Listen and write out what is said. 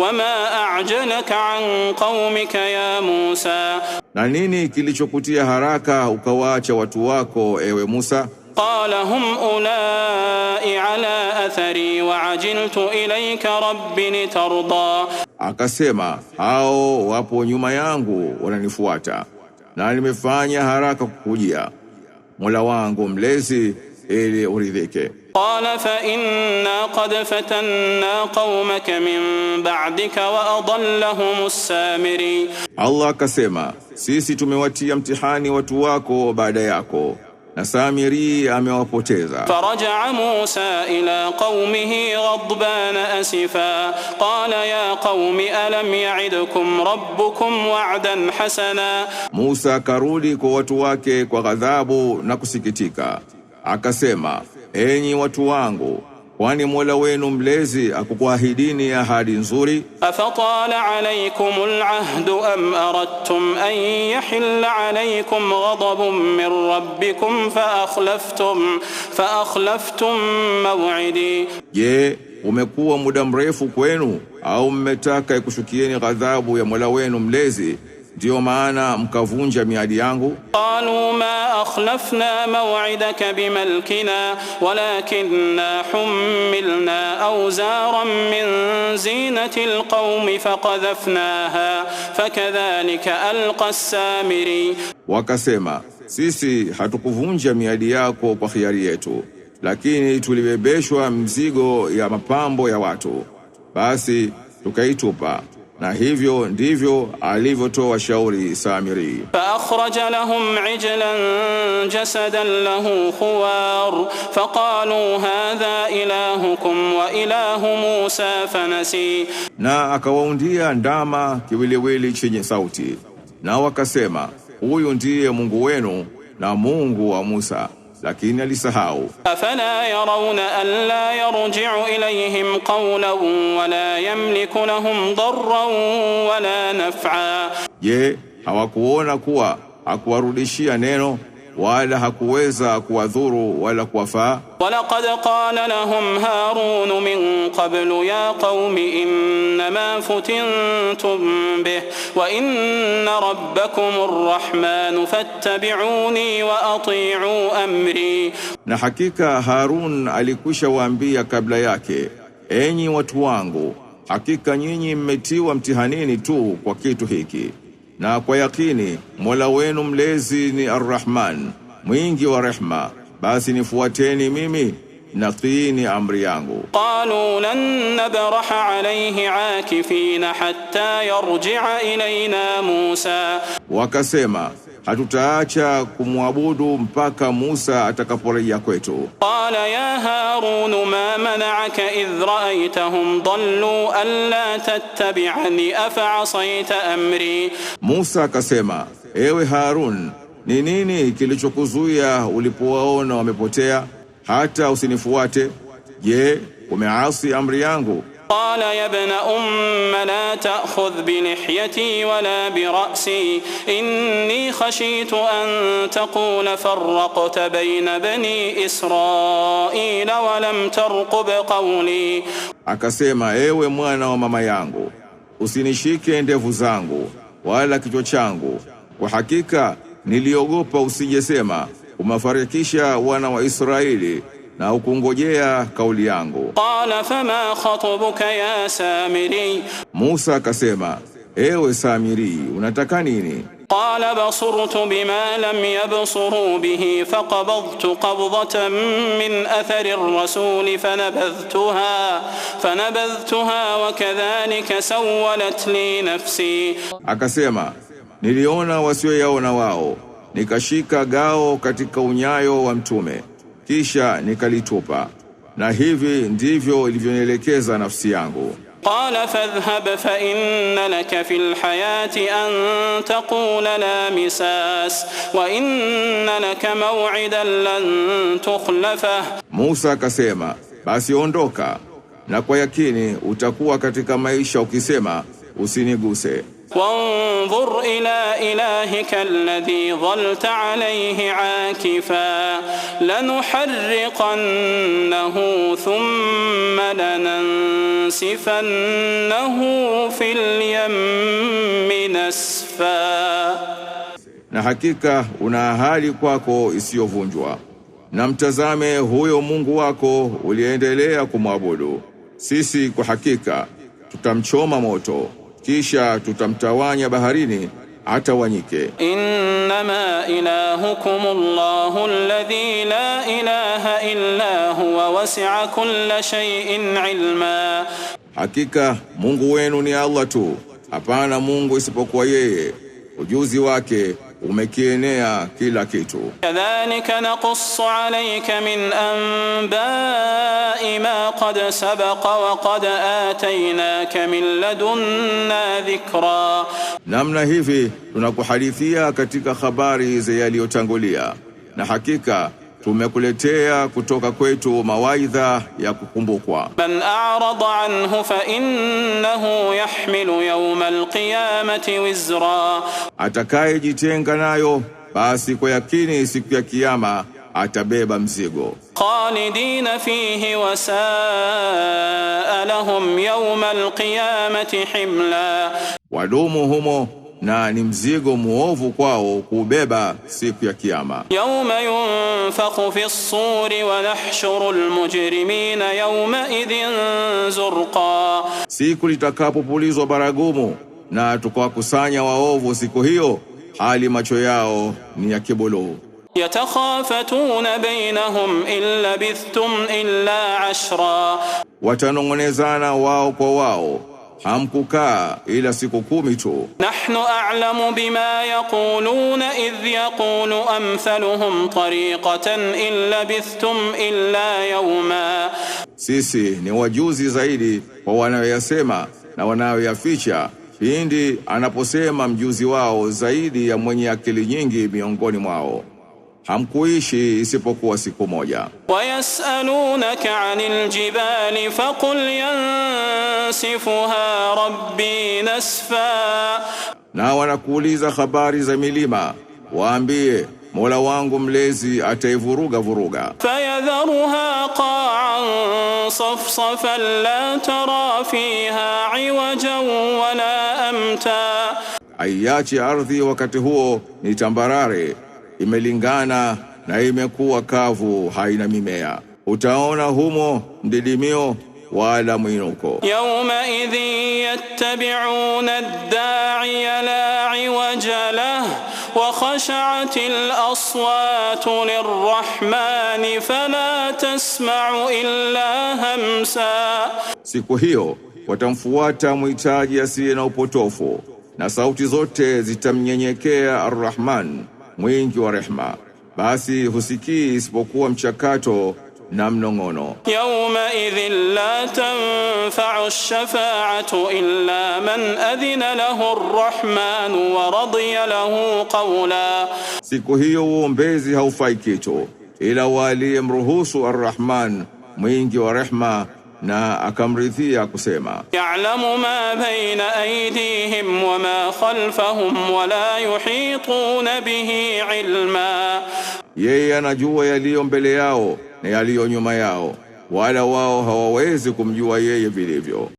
Wama ajanaka an qaumika ya Musa, na nini kilichokutia haraka ukawaacha watu wako ewe Musa? Qala hum ulai ala athari wa ajiltu ilayka rabbi litarda, akasema hao wapo nyuma yangu wananifuata na nimefanya haraka kukujia Mola wangu mlezi ili uridhike. قال فإنا قد فتنا قومك min ba'dika wa adallahum samiri, Allah akasema sisi tumewatia mtihani watu wako baada yako na Samiri amewapoteza. Faraja Musa ila qaumihi ghadban asifa qala ya qaumi alam ya'idukum rabbukum wa'dan hasana, Musa akarudi kwa watu wake kwa ghadhabu na kusikitika akasema enyi watu wangu, kwani Mola wenu mlezi akukuahidini ahadi nzuri. afatala alaykum ahdu am aradtum an yahilla alaykum ghadabun min rabbikum fa akhlaftum fa akhlaftum maw'idi, je umekuwa muda mrefu kwenu au mmetaka ikushukieni ghadhabu ya Mola wenu mlezi ndiyo maana mkavunja miadi yangu. qalu ma akhlafna maw'idaka bimalkina walakinna hummilna awzaran min zinati alqaumi faqadhafnaha fakadhalika alqa samiri, wakasema sisi hatukuvunja miadi yako kwa khiari yetu, lakini tulibebeshwa mzigo ya mapambo ya watu, basi tukaitupa na hivyo ndivyo alivyotoa washauri Samiri. fa akhraja lahum ijlan jasadan lahu khuwar qalu hadha ilahukum wa ilahu Musa fanasi, na akawaundia ndama kiwiliwili chenye sauti, na wakasema huyu ndiye Mungu wenu na Mungu wa Musa lakini alisahau. Afala yarawna an la yarji'u ilayhim qawlan wa la yamliku lahum darran wa la naf'a, je, hawakuona kuwa hakuwarudishia neno wala hakuweza kuwadhuru wala kuwafaa. Walaqad qala lahum Harun min قبل يا قوم إنما فتنتم به وإن ربكم الرحمن فاتبعوني وأطيعوا أمري na hakika Harun alikwisha waambia kabla yake, enyi watu wangu, hakika nyinyi mmetiwa mtihanini tu kwa kitu hiki, na kwa yakini Mola wenu mlezi ni Arrahman, mwingi wa rehma, basi nifuateni mimi natii amri yangu. qalu lan nabraha alayhi akifina hatta yarji'a ilayna Musa, wakasema hatutaacha kumwabudu mpaka Musa atakaporejea kwetu. qala ya Harun ma manaka idh ra'aytahum dallu alla tattabi'ani afa amri, Musa akasema ewe Harun, ni nini kilichokuzuia ulipowaona wamepotea hata usinifuate. Je, umeasi amri yangu? Qala ya ibna umma la ta'khudh bi lihyati wala bi ra'si inni khashitu an taqula farraqta bayna bani Israila wa lam tarqub qawli, akasema ewe mwana wa mama yangu, usinishike ndevu zangu wala kichwa changu, kwa hakika niliogopa usijesema umefarikisha wana wa Israeli na ukungojea kauli yangu. Qala fama khatubuka ya Samiri, Musa akasema ewe Samiri, unataka nini? Qala basurtu bima lam yabsuru bihi faqabadtu qabdatan min athari ar-rasul fanabadhtuha fanabadhtuha wa kadhalika sawwalat li nafsi, akasema niliona wasioyaona wao nikashika gao katika unyayo wa mtume kisha nikalitupa na hivi ndivyo ilivyonielekeza nafsi yangu qala fadhhab fa inna laka fil hayati an taqula la misas wa inna laka maw'idan lan tukhlafa Musa akasema basi ondoka na kwa yakini utakuwa katika maisha ukisema usiniguse وانظر إلى إلهك الذي ظلت عليه عاكفا لنحرقنه ثم لننسفنه في اليم نسفا na hakika una ahali kwako isiyovunjwa na mtazame huyo Mungu wako uliendelea kumwabudu sisi kwa hakika tutamchoma moto kisha tutamtawanya baharini atawanyike. Innama ilahukum Allahu alladhi la ilaha illa huwa wasi'a kulla shay'in ilma, hakika Mungu wenu ni Allah tu, hapana Mungu isipokuwa yeye, ujuzi wake umekienea kila kitu. Kadhalika naqussu alayka min anba'i ma qad sabaqa wa qad atainaka min ladunna dhikra, namna hivi tunakuhadithia katika habari za yaliyotangulia na hakika tumekuletea kutoka kwetu mawaidha ya kukumbukwa. man a'rada anhu fa innahu yahmilu yawma alqiyamati wizra, atakayejitenga nayo basi kwa yakini siku ya Kiyama atabeba mzigo. khalidina fihi wa saa lahum yawma alqiyamati himla, wadumu humo na ni mzigo muovu kwao kuubeba siku ya kiyama. Yawma yunfakhu fi ssuri wa nahshuru almujrimina yawma idhin zurqa, siku litakapopulizwa baragumu na tukawakusanya waovu siku hiyo hali macho yao ni ya kibuluu. Yatakhafatuna bainahum in labithtum illa ashra, watanong'onezana wao kwa wao hamkukaa ila siku kumi tu. nahnu a'lamu bima yaquluna idh yaqulu amthaluhum tariqatan in labithtum illa yawma, sisi ni wajuzi zaidi kwa wanayoyasema na wanayoyaficha pindi anaposema mjuzi wao zaidi ya mwenye akili nyingi miongoni mwao hamkuishi isipokuwa siku moja. Wayasalunaka anil jibali faqul yansifuha rabbi nasfa, na wanakuuliza habari za milima, waambie Mola wangu mlezi ataivuruga vuruga. Fayadharuha qa'an safsafan la tara fiha 'iwajan wala amta, aiache ardhi wakati huo ni tambarare imelingana na imekuwa kavu, haina mimea. Utaona humo mdidimio wala mwinuko. Yawma idhi yattabi'una ad-da'iya la 'iwaja lahu wa al aswatu lirrahmani fala tasma'u illa hamsa, siku hiyo watamfuata mwitaji asiye na upotofu na sauti zote zitamnyenyekea Ar-Rahman mwingi wa rehma, basi husikii isipokuwa mchakato na mnong'ono. Yawma idhin la tanfa'u ash-shafa'atu illa man adhina lahu ar-rahman wa radiya lahu qawla, siku hiyo uombezi haufai kitu ila waliye mruhusu ar-rahman mwingi wa rehma na akamridhia kusema, ya'lamu ma baina aydihim wa ma khalfahum wa la yuhituna bihi ilma, yeye anajua yaliyo mbele yao na yaliyo nyuma yao, wala wao hawawezi kumjua yeye vilivyo.